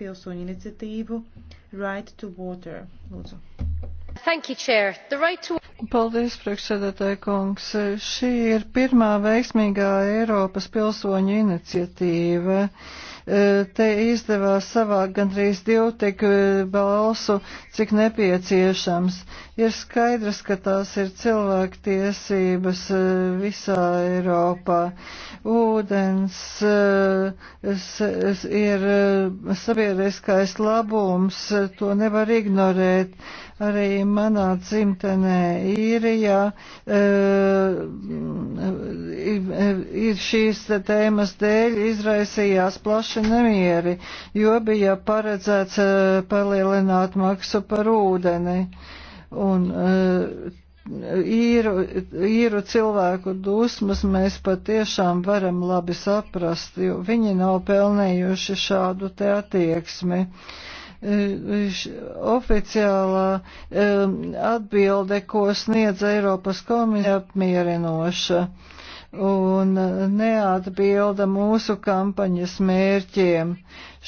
pilsoņu iniciatīvu Right to Water. Lūdzu. Thank you, Chair. The right to... Paldies, priekšsēdētāji kungs. Šī ir pirmā veiksmīgā Eiropas pilsoņu iniciatīva te izdevās savākt gandrīz divu tik balsu, cik nepieciešams. Ir skaidrs, ka tās ir cilvēktiesības visā Eiropā. Ūdens ir sabiedriskais labums, to nevar ignorēt arī manā dzimtenē īrijā ir šīs tēmas dēļ izraisījās plašs plaši nemieri, jo bija paredzēts eh, palielināt maksu par ūdeni. Un, eh, īru, īru cilvēku dusmas mēs patiešām varam labi saprast, jo viņi nav pelnījuši šādu te attieksmi. Eh, oficiālā atbilde, ko sniedz Eiropas komisija, apmierinoša un neatbilda mūsu kampaņas mērķiem.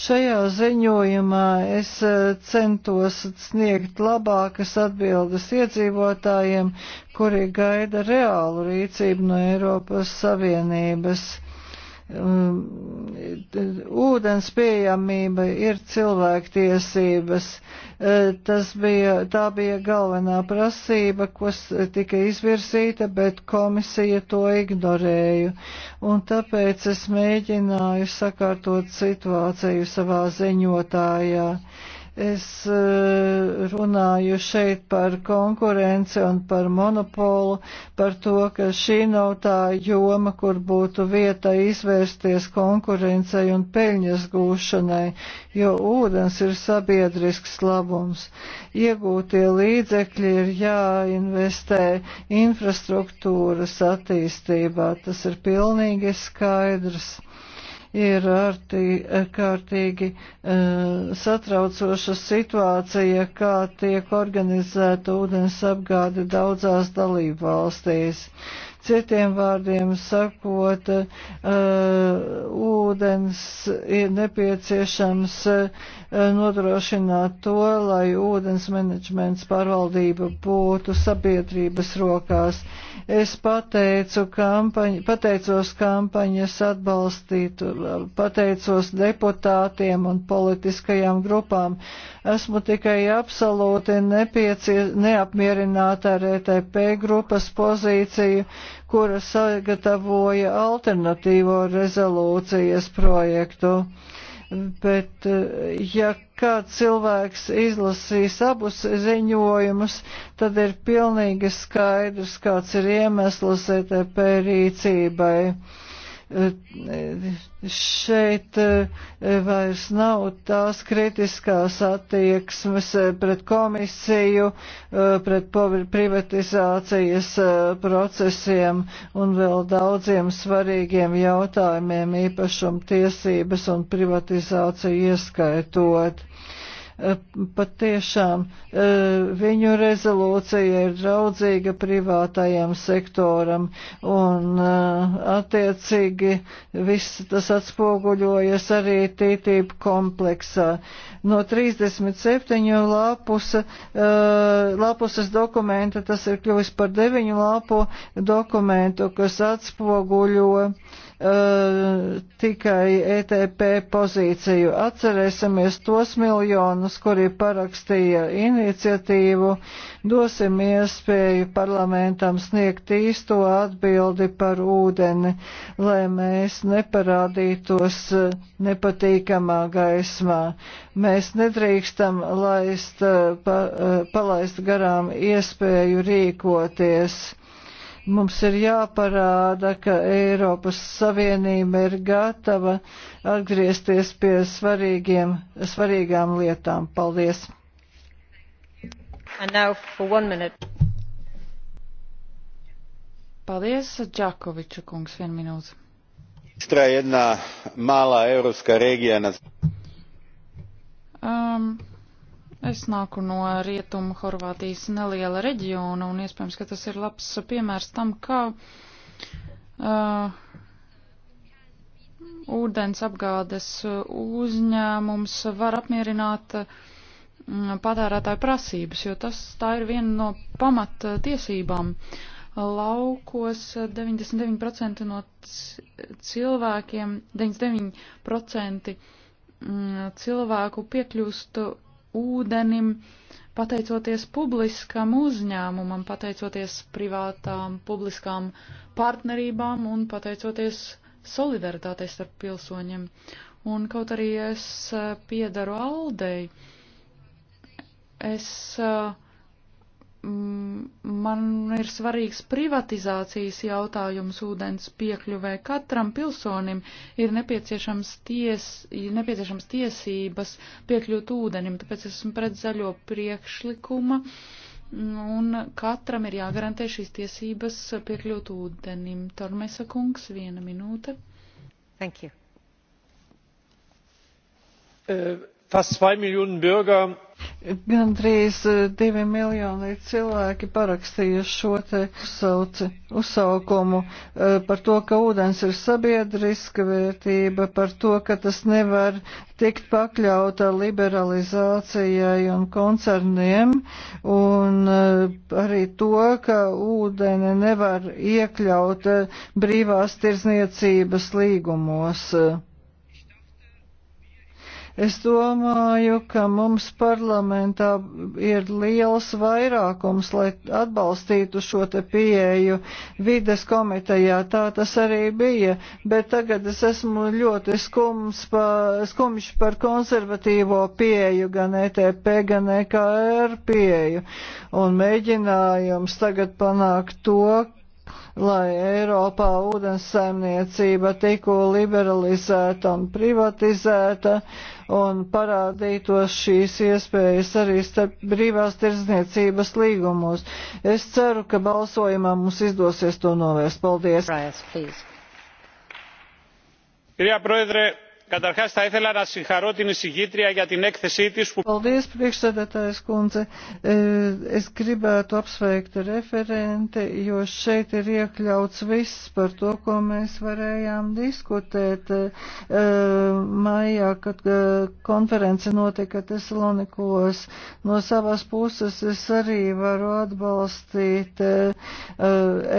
Šajā ziņojumā es centos sniegt labākas atbildes iedzīvotājiem, kuri gaida reālu rīcību no Eiropas Savienības. Um, ūdens pieejamība ir cilvēktiesības. Uh, tas bija, tā bija galvenā prasība, kas tika izvirzīta, bet komisija to ignorēja. Un tāpēc es mēģināju sakārtot situāciju savā ziņotājā. Uh, Es eh, runāju šeit par konkurenci un par monopolu, par to, ka šī nav tā joma, kur būtu vieta izvērsties konkurencei un peļņas gūšanai, jo ūdens ir sabiedrisks labums. Iegūtie līdzekļi ir jāinvestē infrastruktūras attīstībā, tas ir pilnīgi skaidrs ir ārkārtīgi e, satraucoša situācija, kā tiek organizēta ūdens apgāde daudzās dalību valstīs. Citiem vārdiem sakot, uh, ūdens ir nepieciešams uh, nodrošināt to, lai ūdens menedžments pārvaldība būtu sabiedrības rokās. Es pateicu kampaņ, pateicos kampaņas atbalstītu, pateicos deputātiem un politiskajām grupām. Esmu tikai absolūti neapmierināta ar ETP grupas pozīciju kura sagatavoja alternatīvo rezolūcijas projektu. Bet, ja kāds cilvēks izlasīs abus ziņojumus, tad ir pilnīgi skaidrs, kāds ir iemesls ETP rīcībai. Šeit eh, vairs nav tās kritiskās attieksmes eh, pret komisiju, eh, pret privatizācijas procesiem un vēl daudziem svarīgiem jautājumiem īpašumtiesības un privatizāciju ieskaitot. Eh, patiešām eh, viņu rezolūcija ir draudzīga privātajam sektoram un eh, attiecīgi viss tas atspoguļojas arī tītību kompleksā. No 37 lapusa, lapusas dokumenta tas ir kļuvis par 9 lapu dokumentu, kas atspoguļo Eh, tikai ETP pozīciju. Atcerēsimies tos miljonus, kuri parakstīja iniciatīvu, dosim iespēju parlamentam sniegt īsto atbildi par ūdeni, lai mēs neparādītos eh, nepatīkamā gaismā. Mēs nedrīkstam laist, eh, pa, palaist garām iespēju rīkoties Mums ir jāparāda, ka Eiropas Savienība ir gatava atgriezties pie svarīgām lietām. Paldies! Paldies, Đakoviču kungs, vienu minūti. Istra je jedna mala europska regija na... Um, Es nāku no rietumu Horvātijas neliela reģiona, un iespējams, ka tas ir labs piemērs tam, kā uh, ūdens apgādes uzņēmums var apmierināt uh, patērētāju prasības, jo tas tā ir viena no pamata tiesībām. Laukos 99% no cilvēkiem, 99% mm, cilvēku piekļūst ūdenim, pateicoties publiskam uzņēmumam, pateicoties privātām, publiskām partnerībām un pateicoties solidaritātei starp pilsoņiem. Un kaut arī es eh, piedaru Aldei, es uh, Mm, man ir svarīgs privatizācijas jautājums ūdens piekļuvē. Katram pilsonim ir nepieciešams, ties, ir nepieciešams tiesības piekļūt ūdenim, tāpēc esmu pret zaļo priekšlikuma. Un katram ir jāgarantē šīs tiesības piekļūt ūdenim. Tormesa kungs, viena minūte. Thank you. Uh, fast zwei Millionen Bürger Gandrīz eh, divi miljoni cilvēki parakstīja šo te uzsauci, uzsaukumu eh, par to, ka ūdens ir sabiedriska vērtība, par to, ka tas nevar tikt pakļauta liberalizācijai un koncerniem, un eh, arī to, ka ūdeni nevar iekļaut brīvās tirzniecības līgumos. Es domāju, ka mums parlamentā ir liels vairākums, lai atbalstītu šo te pieeju vides komitejā. Tā tas arī bija, bet tagad es esmu ļoti skums pa, skumjš par konservatīvo pieeju, gan ETP, gan EKR pieeju. Un mēģinājums tagad panākt to, lai Eiropā ūdens saimniecība tiku liberalizēta un privatizēta un parādītos šīs iespējas arī starp brīvās tirdzniecības līgumos. Es ceru, ka balsojumā mums izdosies to novērst. Paldies! Rājas, Καταρχάς θα ήθελα να συγχαρώ την εισηγήτρια για την έκθεσή της που... Paldies, priekšsēdētājs kundze. Es gribētu apsveikt referente, jo šeit ir iekļauts viss par to, ko mēs varējām diskutēt e, maijā, kad e, konference notika Tesalonikos. No savas puses es arī varu atbalstīt e,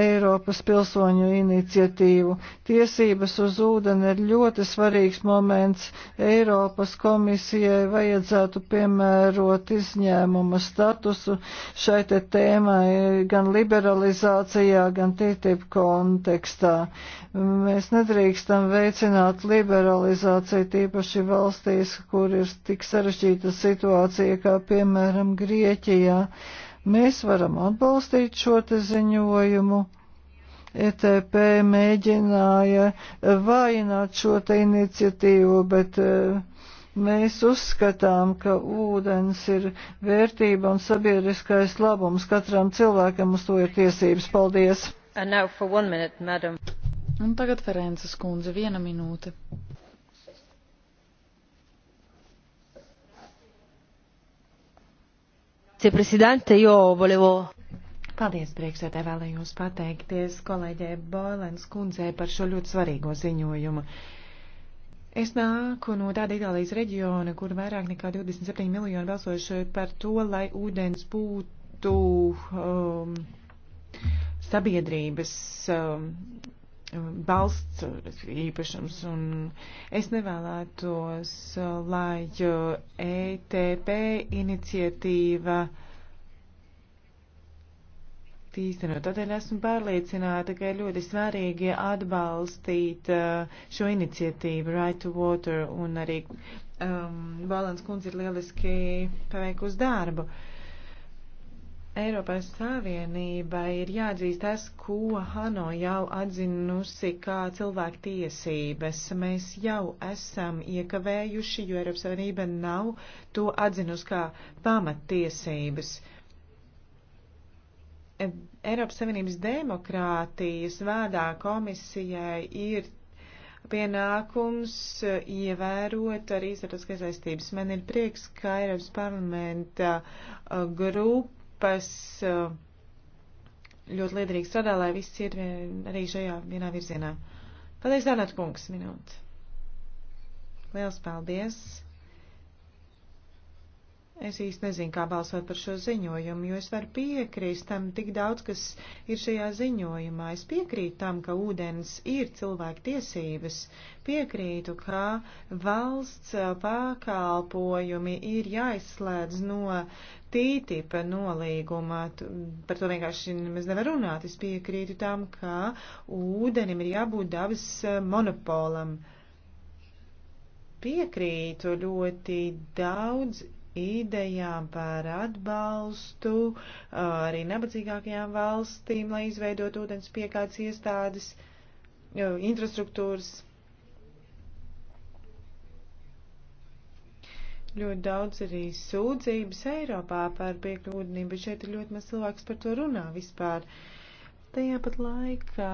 Eiropas pilsoņu iniciatīvu. Tiesības uz ūdeni ir ļoti svarīgs moments parlaments Eiropas komisijai vajadzētu piemērot izņēmuma statusu šai te tēmai gan liberalizācijā, gan TTIP kontekstā. Mēs nedrīkstam veicināt liberalizāciju tīpaši valstīs, kur ir tik sarežģīta situācija, kā piemēram Grieķijā. Mēs varam atbalstīt šo te ziņojumu ETP mēģināja vainot šo te iniciatīvu, bet e, mēs uzskatām, ka ūdens ir vērtība un sabiedriskais labums. Katram cilvēkam uz to ir tiesības. Paldies! Minute, madam. un tagad Ferences kundze, viena minūte. Grazie Presidente, io volevo Paldies, priekšsēdē, vēlējos pateikties kolēģē Boilens kundzē par šo ļoti svarīgo ziņojumu. Es nāku no tāda Itālijas reģiona, kur vairāk nekā 27 miljoni balsojuši par to, lai ūdens būtu um, sabiedrības um, balsts īpašums, un es nevēlētos, lai uh, ETP iniciatīva uh, tikt īstenot. Tādēļ esmu pārliecināta, ka ir ļoti svarīgi atbalstīt uh, šo iniciatīvu Right to Water un arī um, Valens kundze ir lieliski paveikusi darbu. Eiropas Savienībai ir jāatzīst tas, ko ANO jau atzinusi kā cilvēku tiesības. Mēs jau esam iekavējuši, jo Eiropas Savienība nav to atzinusi kā pamattiesības. Uh, Eiropas Savienības demokrātijas vārdā komisijai ir pienākums ievērot arī starptautiskās saistības. Man ir prieks, ka Eiropas parlamenta grupas ļoti liederīgi strādā, lai viss iet vien, arī šajā vienā virzienā. Paldies, Dārnāt kungs, minūte. Liels paldies! Es īsti nezinu, kā balsot par šo ziņojumu, jo es varu piekrīst tam tik daudz, kas ir šajā ziņojumā. Es piekrītu tam, ka ūdens ir cilvēku tiesības. Piekrītu, ka valsts pakalpojumi ir jāizslēdz no tītipa nolīguma. Par to vienkārši mēs nevar runāt. Es piekrītu tam, ka ūdenim ir jābūt dabas eh, monopolam. Piekrītu ļoti daudz idejām par atbalstu arī nabadzīgākajām valstīm, lai izveidot ūdens piekādes iestādes, infrastruktūras. Ļoti daudz arī sūdzības Eiropā par piekļu ūdenim, bet šeit ir ļoti maz cilvēks par to runā vispār. Tajā pat laikā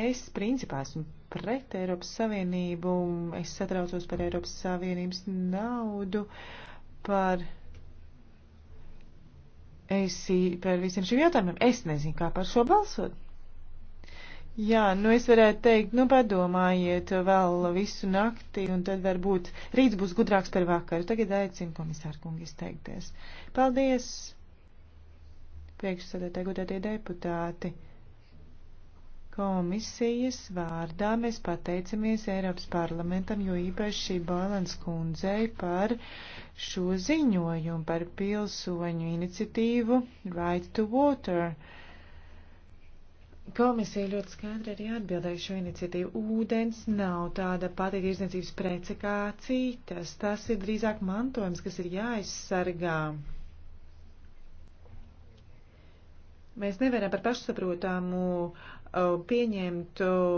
es principā esmu pret Eiropas Savienību, es satraucos par Eiropas Savienības naudu. Uh, par esi par visiem šiem jautājumiem. Es nezinu, kā par šo balsot. Jā, nu es varētu teikt, nu padomājiet vēl visu nakti, un tad varbūt rīts būs gudrāks par vakaru. Tagad aicinu komisāru kungu izteikties. Paldies, priekšsēdētāji, gudrātie deputāti. Komisijas vārdā mēs pateicamies Eiropas parlamentam, jo īpaši Boilans kundzei par šo ziņojumu par pilsoņu iniciatīvu Right to Water. Komisija ļoti skaidri arī atbildēja šo iniciatīvu. Ūdens nav tāda pati tirsniecības prece kā citas. Tas ir drīzāk mantojums, kas ir jāaizsargā. Mēs nevaram par pašsaprotamu uh, Uh, pieņemt uh,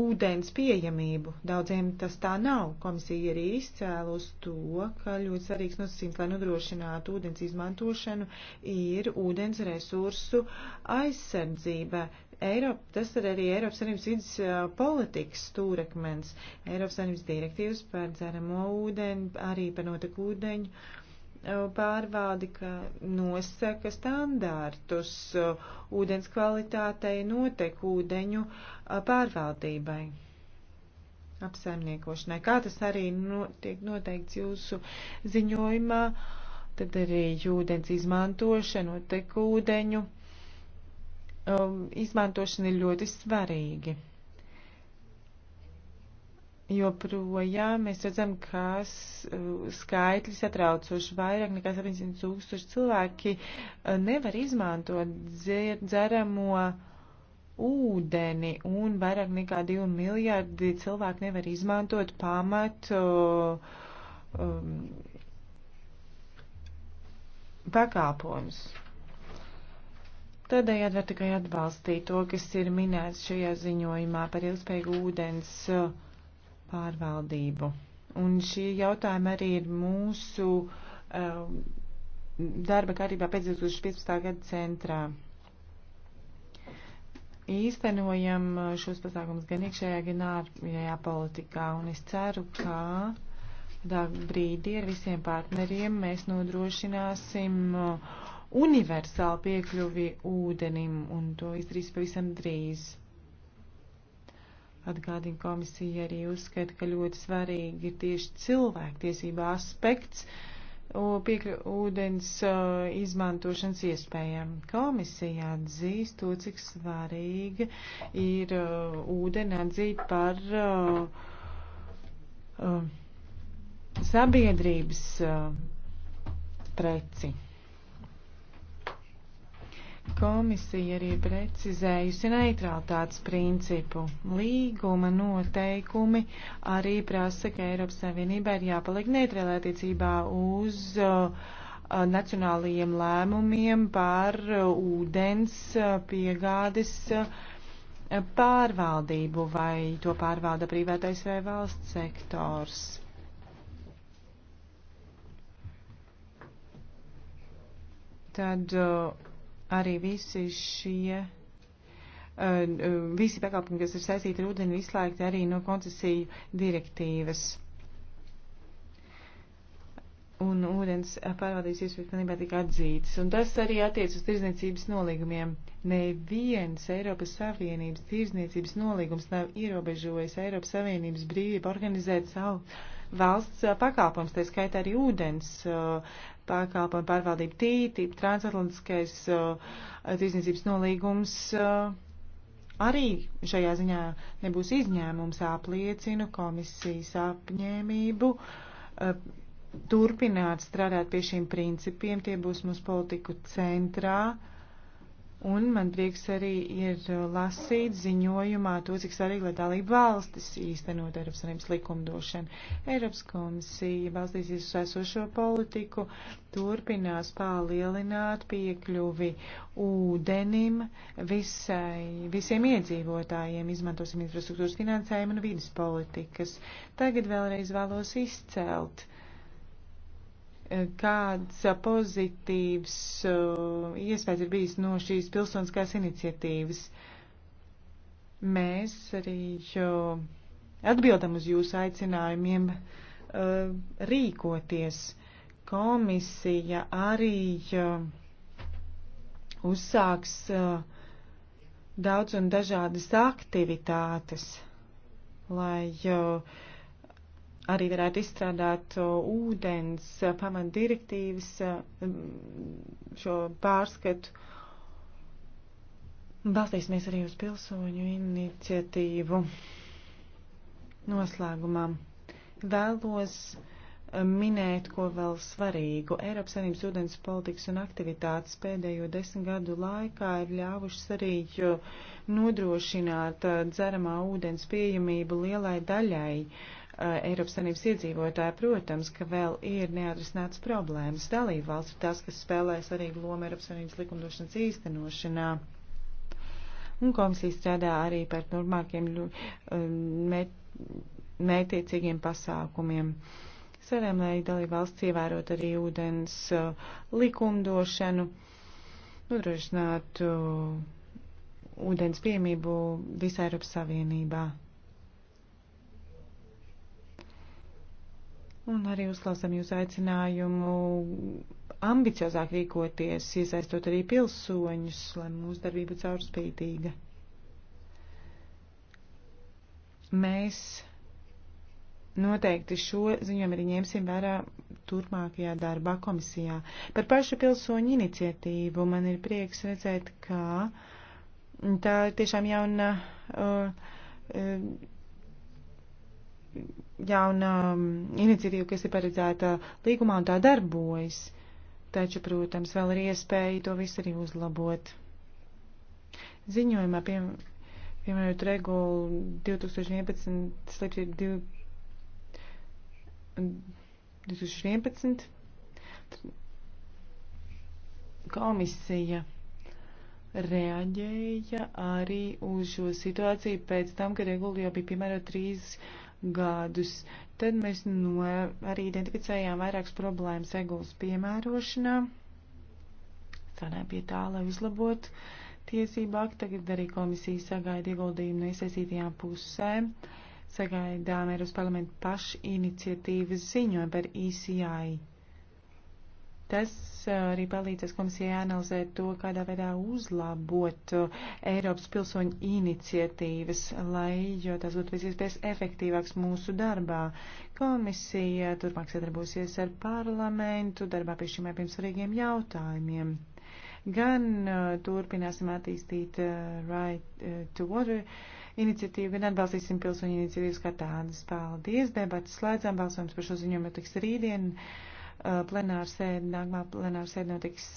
ūdens pieejamību. Daudziem tas tā nav. Komisija arī izcēlus to, ka ļoti svarīgs nosacījums, lai nodrošinātu ūdens izmantošanu, ir ūdens resursu aizsardzība. Eiropa, tas ir arī Eiropas Savienības vidas uh, politikas stūrakmens, Eiropas Savienības direktīvas par dzeramo ūdeni, arī par notekūdeņu pārvaldi, ka nosaka standārtus ūdens kvalitātei notekūdeņu pārvaldībai apsaimniekošanai. Kā tas arī no, tiek noteikts jūsu ziņojumā, tad arī ūdens izmantošana, notekūdeņu um, izmantošana ir ļoti svarīgi joprojām mēs redzam, ka uh, skaitļi satraucoši vairāk nekā 700 tūkstoši cilvēki uh, nevar izmantot dzeramo ūdeni un vairāk nekā 2 miljardi cilvēki nevar izmantot pamatu um, pakāpojumus. Tādējādi var tikai atbalstīt to, kas ir minēts šajā ziņojumā par ilgspējīgu ūdens uh, pārvaldību. Un šie jautājumi arī ir mūsu uh, darba kārtībā pēc 2015. gada centrā. Īstenojam uh, šos pasākumus gan iekšējā, gan ārējā politikā, un es ceru, ka tā brīdī ar visiem partneriem mēs nodrošināsim uh, universālu piekļuvi ūdenim, un to izdarīs pavisam drīz. Atgādina komisija arī uzskata, ka ļoti svarīgi ir tieši cilvēktiesība aspekts piekūdens izmantošanas iespējām. Komisija atzīst to, cik svarīgi ir ūdeni atzīt par sabiedrības preci. Komisija arī precizējusi neutralitātes principu. Līguma noteikumi arī prasa, ka Eiropas Savienībā ir jāpaliek neutrālā attiecībā uz uh, nacionālajiem lēmumiem par uh, ūdens uh, piegādes uh, pārvaldību, vai to pārvalda privātais vai valsts sektors. Tad uh, Arī visi šie, eh, visi pakalpojumi, kas ir saistīti ar ūdeni, ir izslēgti arī no koncesiju direktīvas. Un ūdens pārvaldības iespējas pilnībā tika atzītas. Un tas arī attiec uz tirzniecības nolīgumiem. Neviens Eiropas Savienības tirzniecības nolīgums nav ierobežojis Eiropas Savienības brīvību organizēt savu valsts pakalpojums, tā skaitā arī ūdens pakalpojumu pārvaldību tītību, transatlantiskais tīzniecības nolīgums. Arī šajā ziņā nebūs izņēmums, apliecinu komisijas apņēmību turpināt strādāt pie šiem principiem, tie būs mūsu politiku centrā Un man prieks arī ir uh, lasīt ziņojumā to, cik svarīgi, lai dalība valstis īstenot Eiropas Savienības likumdošanu. Eiropas komisija balstīsies uz esošo politiku, turpinās palielināt piekļuvi ūdenim visai, visiem iedzīvotājiem, izmantosim infrastruktūras finansējumu un vidas politikas. Tagad vēlreiz vēlos izcelt kāds pozitīvs uh, iespējas ir bijis no šīs pilsoniskās iniciatīvas. Mēs arī uh, atbildam uz jūsu aicinājumiem uh, rīkoties. Komisija arī uzsāks daudz un dažādas aktivitātes, lai uh, arī varētu izstrādāt uh, ūdens uh, pamatdirektīvas uh, mm, šo pārskatu. Balstīsimies arī uz pilsoņu iniciatīvu noslēgumā. Vēlos minēt, ko vēl svarīgu. Eiropas Savienības ūdens politikas un aktivitātes pēdējo desmit gadu laikā ir ļāvušas arī nodrošināt dzeramā ūdens pieejamību lielai daļai uh, Eh, Eiropas Savienības iedzīvotāji, protams, ka vēl ir neatrisināts problēmas. Dalība valsts ir tas, kas spēlē svarīgu lomu Eiropas Savienības likumdošanas īstenošanā. Un komisija strādā arī par normāliem eh, mētiecīgiem pasākumiem. Sarēm, lai dalība valsts ievērot arī ūdens eh, likumdošanu, nodrošinātu ūdens piemību visā Eiropas Savienībā. Un arī uzklausām jūsu aicinājumu ambiciozāk rīkoties, iesaistot arī pilsoņus, lai mūsu darbība būtu caurspītīga. Mēs noteikti šo ziņojumu arī ņemsim vērā turpmākajā darbā komisijā. Par pašu pilsoņu iniciatīvu man ir prieks redzēt, ka tā ir tiešām jauna. Uh, uh, jauna um, iniciatīva, kas ir paredzēta līgumā un tā darbojas. Taču, protams, vēl ir iespēja to visu arī uzlabot. Ziņojumā, pie, piemērot regulu 2011, slēpšie 2011, komisija reaģēja arī uz šo situāciju pēc tam, kad regula jau bija piemērot trīs gadus. Tad mēs no, arī identificējām vairākas problēmas egulas piemērošanā. Strādājām pie tā, lai uzlabotu tiesību aktu. Tagad arī komisija sagaida ieguldījumu no iesaistītajām pusēm. Sagaidām Eiropas parlamentu pašiniciatīvas ziņojumu par ECI Tas uh, arī palīdzēs komisijai analizēt to, kādā veidā uzlabot uh, Eiropas pilsoņu iniciatīvas, lai tās būtu pēc iespējas efektīvāks mūsu darbā. Komisija turpmāk sadarbosies ar parlamentu darbā pie šiem abiem svarīgiem jautājumiem. Gan uh, turpināsim attīstīt uh, Right uh, to Water iniciatīvu, gan atbalstīsim pilsoņu iniciatīvas kā tādas. Paldies, debats slēdzām, balsojums par šo ziņojumu tiks rītdien. Uh, Uh, plenārsēde, nākamā plenārsēde notiks